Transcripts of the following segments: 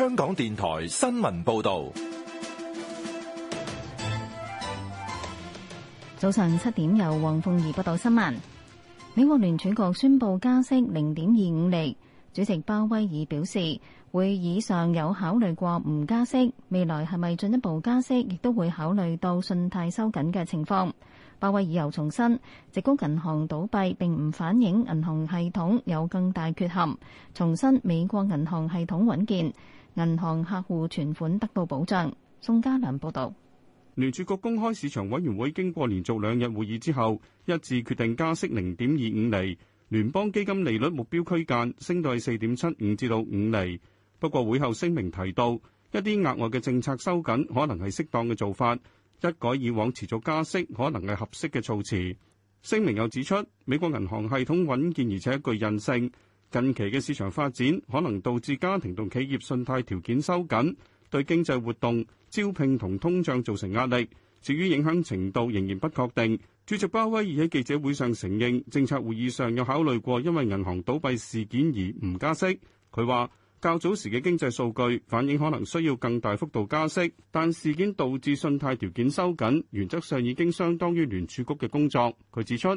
香港電台新聞報道，早上七點由黃鳳儀報道新聞。美國聯儲局宣布加息零點二五厘，主席鮑威爾表示，會議上有考慮過唔加息，未來係咪進一步加息，亦都會考慮到信貸收緊嘅情況。鮑威爾又重申，矽谷銀行倒閉並唔反映銀行系統有更大缺陷，重申美國銀行系統穩健。銀行客戶存款得到保障。宋家良報道，聯儲局公開市場委員會經過連續兩日會議之後，一致決定加息零點二五厘，聯邦基金利率目標區間升到四點七五至到五厘。不過會後聲明提到，一啲額外嘅政策收緊可能係適當嘅做法，一改以往持續加息可能係合適嘅措辭。聲明又指出，美國銀行系統穩健而且具韌性。近期嘅市場發展可能導致家庭同企業信貸條件收緊，對經濟活動、招聘同通脹造成壓力。至於影響程度，仍然不確定。主席鮑威爾喺記者會上承認，政策會議上有考慮過因為銀行倒閉事件而唔加息。佢話：較早時嘅經濟數據反映可能需要更大幅度加息，但事件導致信貸條件收緊，原則上已經相當於聯儲局嘅工作。佢指出，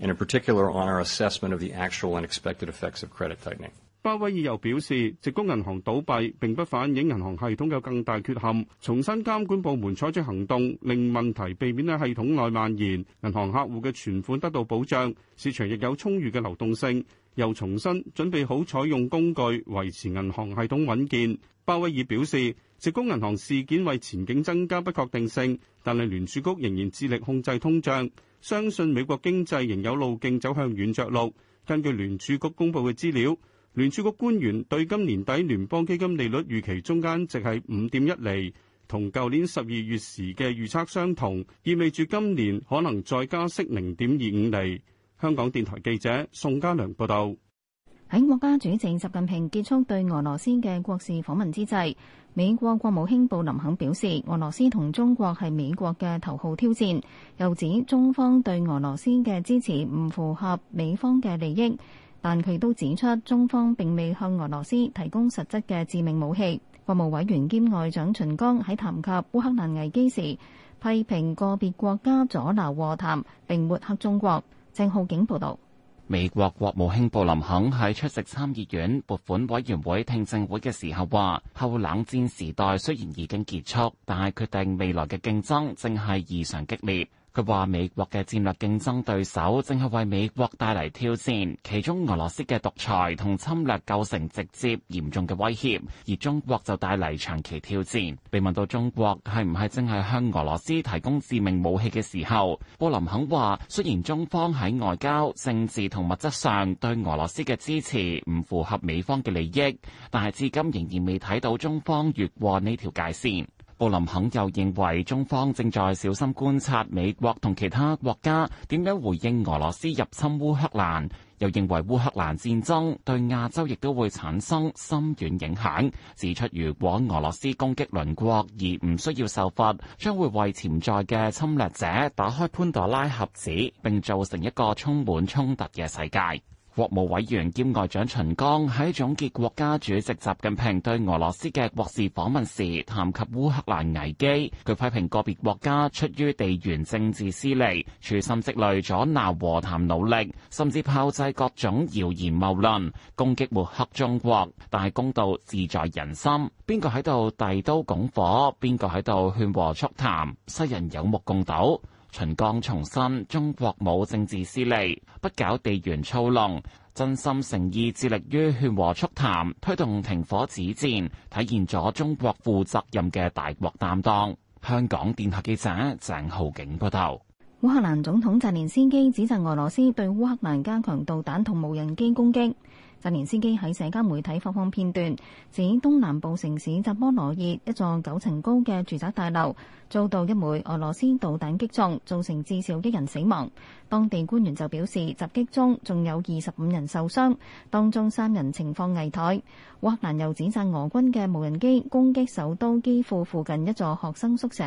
In a particular, on our assessment of the actual unexpected effects of credit tightening. 鮑威爾又表示，矽谷銀行倒閉並不反映銀行系統有更大缺陷，重新監管部門採取行動，令問題避免喺系統內蔓延，銀行客戶嘅存款得到保障，市場亦有充裕嘅流動性，又重新準備好採用工具維持銀行系統穩健。鮑威爾表示。矽谷銀行事件為前景增加不確定性，但係聯儲局仍然致力控制通脹，相信美國經濟仍有路徑走向軟着陸。根據聯儲局公佈嘅資料，聯儲局官員對今年底聯邦基金利率預期中間值係五點一厘，同舊年十二月時嘅預測相同，意味住今年可能再加息零點二五厘。香港電台記者宋嘉良報道。喺國家主席習近平結束對俄羅斯嘅國事訪問之際，美國國務卿布林肯表示，俄羅斯同中國係美國嘅頭號挑戰，又指中方對俄羅斯嘅支持唔符合美方嘅利益。但佢都指出，中方並未向俄羅斯提供實質嘅致命武器。國務委員兼外長秦剛喺談及烏克蘭危機時，批評個別國家阻撓和談，並抹黑中國。鄭浩景報道。美國國務卿布林肯喺出席參議院撥款委員會聽證會嘅時候話，後冷戰時代雖然已經結束，但係決定未來嘅競爭正係異常激烈。佢話：美國嘅戰略競爭對手正係為美國帶嚟挑戰，其中俄羅斯嘅獨裁同侵略構成直接嚴重嘅威脅，而中國就帶嚟長期挑戰。被問到中國係唔係正係向俄羅斯提供致命武器嘅時候，布林肯話：雖然中方喺外交、政治同物質上對俄羅斯嘅支持唔符合美方嘅利益，但係至今仍然未睇到中方越過呢條界線。布林肯又認為中方正在小心觀察美國同其他國家點樣回應俄羅斯入侵烏克蘭，又認為烏克蘭戰爭對亞洲亦都會產生深遠影響，指出如果俄羅斯攻擊鄰國而唔需要受罰，將會為潛在嘅侵略者打開潘多拉盒子，並造成一個充滿衝突嘅世界。國務委員兼外長秦剛喺總結國家主席習近平對俄羅斯嘅國事訪問時，談及烏克蘭危機，佢批評個別國家出於地緣政治私利，處心積慮阻撓和談努力，甚至炮製各種謠言謬論，攻擊抹黑中國。但係公道自在人心，邊個喺度遞刀拱火，邊個喺度勸和促談，世人有目共睹。秦剛重申，中國冇政治私利，不搞地緣操弄，真心誠意致力於勸和促談，推動停火止戰，體現咗中國負責任嘅大國擔當，香港電台記者鄭浩景報道。烏克蘭總統澤連斯基指責俄羅斯對烏克蘭加強導彈同無人機攻擊。澤連斯基喺社交媒體放放片段，指東南部城市扎波羅熱一座九層高嘅住宅大樓遭到一枚俄羅斯導彈擊中，造成至少一人死亡。當地官員就表示，襲擊中仲有二十五人受傷，當中三人情況危殆。烏克蘭又指責俄軍嘅無人機攻擊首都基輔附近一座學生宿舍，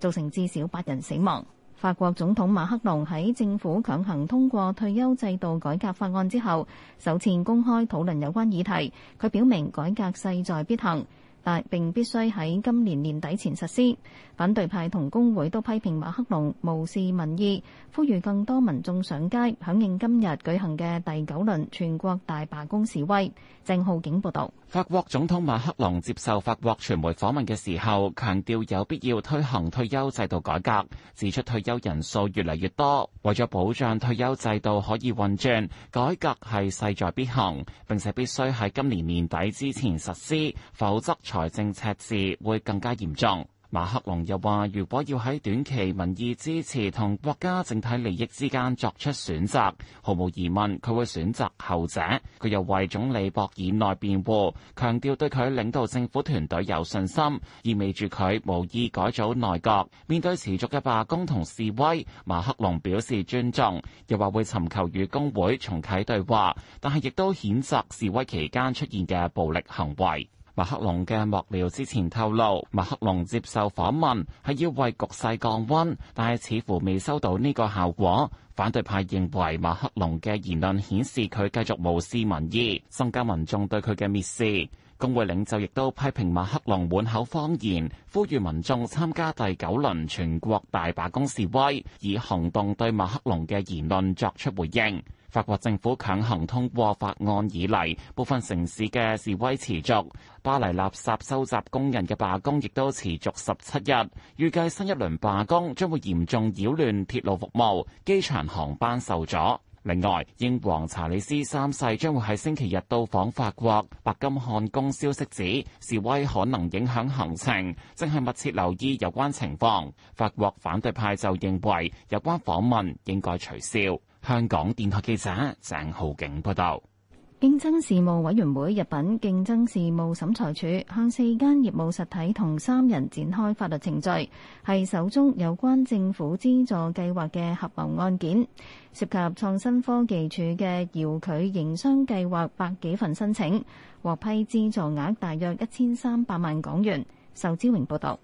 造成至少八人死亡。法國總統馬克龍喺政府強行通過退休制度改革法案之後，首次公開討論有關議題。佢表明改革勢在必行，但並必須喺今年年底前實施。反對派同工會都批評馬克龍無視民意，呼籲更多民眾上街響應今日舉行嘅第九輪全國大罷工示威。鄭浩景報道。法國總統馬克龍接受法國傳媒訪問嘅時候，強調有必要推行退休制度改革，指出退休人數越嚟越多，為咗保障退休制度可以運轉，改革係勢在必行，並且必須喺今年年底之前實施，否則財政赤字會更加嚴重。馬克龍又話：如果要喺短期民意支持同國家整體利益之間作出選擇，毫無疑問，佢會選擇後者。佢又為總理博爾內辯護，強調對佢領導政府團隊有信心，意味住佢無意改組內閣。面對持續嘅罷工同示威，馬克龍表示尊重，又話會尋求與工會重啟對話，但係亦都譴責示威期間出現嘅暴力行為。馬克龍嘅幕僚之前透露，馬克龍接受訪問，係要為局勢降温，但係似乎未收到呢個效果。反對派認為馬克龍嘅言論顯示佢繼續無視民意，增加民眾對佢嘅蔑視。工會領袖亦都批評馬克龍滿口謊言，呼籲民眾參加第九輪全國大罷工示威，以行動對馬克龍嘅言論作出回應。法國政府強行通過法案以嚟，部分城市嘅示威持續。巴黎垃圾收集工人嘅罷工亦都持續十七日，預計新一輪罷工將會嚴重擾亂鐵路服務、機場航班受阻。另外，英皇查理斯三世將會喺星期日到訪法國。白金漢宮消息指，示威可能影響行程，正係密切留意有關情況。法國反對派就認為，有關訪問應該取消。香港電台記者鄭浩景報道，競爭事務委員會入稟競爭事務審裁處，向四間業務實體同三人展開法律程序，係首宗有關政府資助計劃嘅合謀案件，涉及創新科技處嘅遙距營商計劃，百幾份申請獲批資助額大約一千三百萬港元。受之榮報道。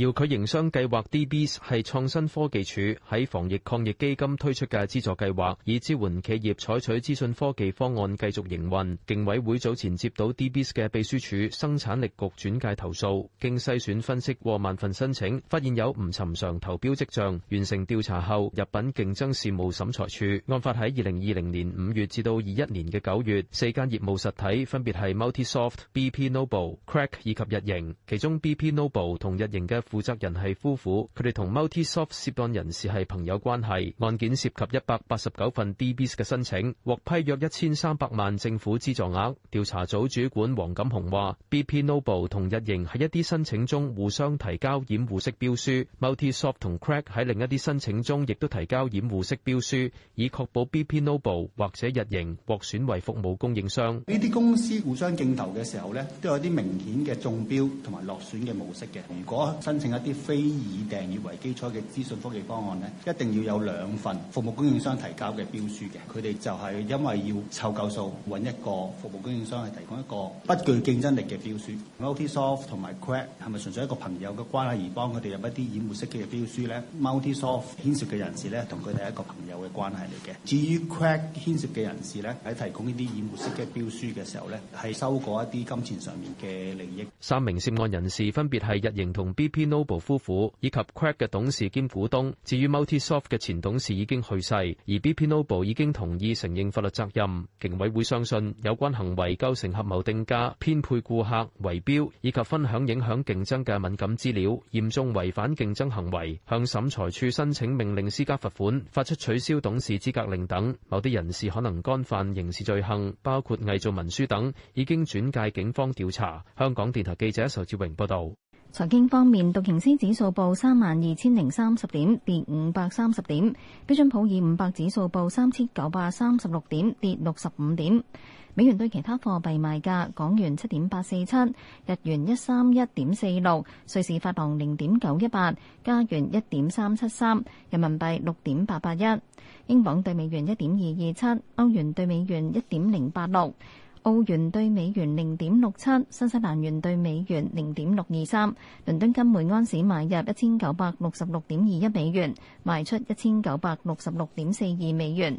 要佢營商計劃 DBS 係創新科技署喺防疫抗疫基金推出嘅資助計劃，以支援企業採取資訊科技方案繼續營運。競委會早前接到 DBS 嘅秘書處生產力局轉介投訴，經篩選分析過萬份申請，發現有唔尋常投標跡象。完成調查後，入稟競爭事務審裁處。案發喺二零二零年五月至到二一年嘅九月，四間業務實體分別係 MultiSoft、BP Noble、Crack 以及日營，其中 BP Noble 同日營嘅負責人係夫婦，佢哋同 MultiSoft 涉案人士係朋友關係。案件涉及一百八十九份 DBS 嘅申請，獲批約一千三百萬政府資助額。調查組主管黃錦雄話，BP Noble 同日盈喺一啲申請中互相提交掩護式標書，MultiSoft 同 Crack 喺另一啲申請中亦都提交掩護式標書，以確保 BP Noble 或者日盈獲選為服務供應商。呢啲公司互相競投嘅時候呢，都有啲明顯嘅中標同埋落選嘅模式嘅。如果新一啲非以訂閱為基礎嘅資訊科技方案咧，一定要有兩份服務供應商提交嘅標書嘅，佢哋就係因為要湊夠數，揾一個服務供應商去提供一個不具競爭力嘅標書。MultiSoft 同埋 Quack 係咪純粹一個朋友嘅關係而幫佢哋入一啲掩護式嘅標書咧？MultiSoft 牽涉嘅人士咧，同佢哋係一個朋友嘅關係嚟嘅。至於 Quack 牽涉嘅人士咧，喺提供呢啲掩護式嘅標書嘅時候咧，係收過一啲金錢上面嘅利益。三名涉案人士分別係日營同 BP。BP Noble 夫婦以及 Crack 嘅董事兼股東，至於 MultiSoft 嘅前董事已經去世，而 BP Noble 已經同意承認法律責任。競委會相信有關行為構成合謀定價、編配顧客、圍標以及分享影響競爭嘅敏感資料，嚴重違反競爭行為，向審裁處申請命令施加罰款、發出取消董事資格令等。某啲人士可能干犯刑事罪行，包括偽造文書等，已經轉介警方調查。香港電台記者仇志榮報道。財經方面，道瓊斯指數報三萬二千零三十點，跌五百三十點；標準普爾五百指數報三千九百三十六點，跌六十五點。美元對其他貨幣賣價：港元七點八四七，日元一三一點四六，瑞士法郎零點九一八，加元一點三七三，人民幣六點八八一，英鎊對美元一點二二七，歐元對美元一點零八六。澳元兌美元零點六七，新西蘭元兌美元零點六二三，倫敦金每盎司買入一千九百六十六點二一美元，賣出一千九百六十六點四二美元。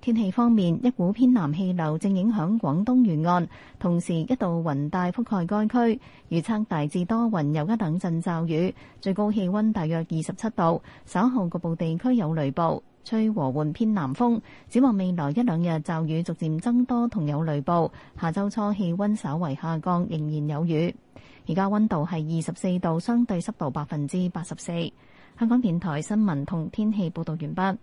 天氣方面，一股偏南氣流正影響廣東沿岸，同時一道雲帶覆蓋該區，預測大致多雲，有一兩陣驟雨，最高氣溫大約二十七度。稍後局部地區有雷暴，吹和緩偏南風。展望未來一兩日驟雨逐漸增多同有雷暴，下周初氣溫稍為下降，仍然有雨。而家溫度係二十四度，相對濕度百分之八十四。香港電台新聞同天氣報道完畢。